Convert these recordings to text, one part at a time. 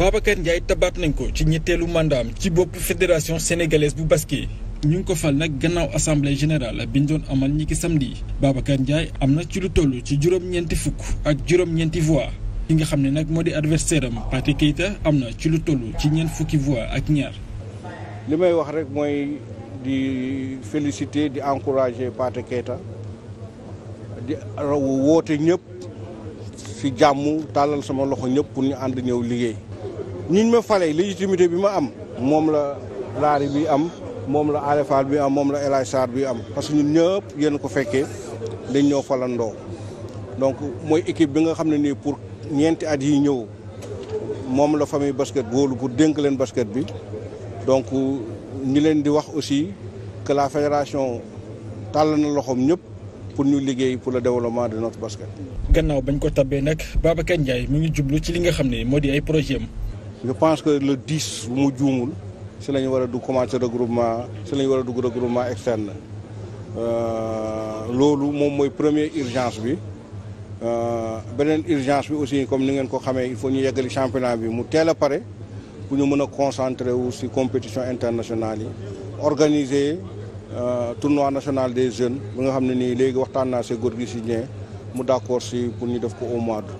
Babacar Ndiaye tabaat nañ ko ci ñetteelu mandat ci bopp fédération sénégalaise bu basket ñu ngi ko fal nag gannaaw assemblée générale bi ñu doon amal ñi ki samedi Babacar Ndiaye am na ci lu toll ci juróom-ñeenti fukk ak juróom-ñeenti voix ki nga xam ne nag moo di adversaire am Pathé Keita am na ci lu toll ci ñeent fukki voix ak ñaar. li may wax rek mooy di féliciter di encourager Pathé Keita di woote ñëpp ci jàmm tàllal sama loxo ñëpp pour ñu ànd ñëw liggéey. ñu ma falee légitimité bi ma am moom la laari bi am moom la alefaal bi am moom la El Hadj Sarr bi am parce que ñun ñëpp yéen ko fekkee dañ ñoo falandoo donc mooy équipe bi nga xam ne nii pour ñeenti at yi ñëw moom la famille basket wóolu pour dénk leen basket bi donc ñu leen di wax aussi que la fédération tàll na loxoom ñëpp pour ñu liggéey pour le développement de notre basket. gannaaw bañ ko tabbee nag Babacar Ndiaye mu ngi jublu ci li nga xam ne moo di ay projet am je pense que le dix bu mu juumul si lañu ñu war a dugg commencé regroupement si la ñu war a dugg regroupement externe euh, loolu moom mooy premier urgence bi euh, beneen urgence bi aussi comme ni ngeen ko xamee il faut ñu yeggali championnat bi mu teel a pare pour ñu mën a concentrer wu si compétition internationale yi organiser euh, tournoi national des jeunes bi nga xam ne nii léegi waxtaan naa see góor gi si ñee mu d'accord si pour ñu def ko au mois d'août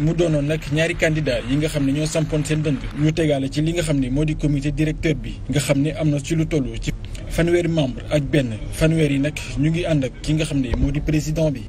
mu doonoon nag ñaari candidat yi nga xam ne ñoo sampoon seen dëng ñu tegaale ci li nga xam ne moo di comité directeur bi nga xam ne am na ci lu toll ci fanweeri membre ak benn fanweer yi nag ñu ngi ànd ak ki nga xam ne moo di président bi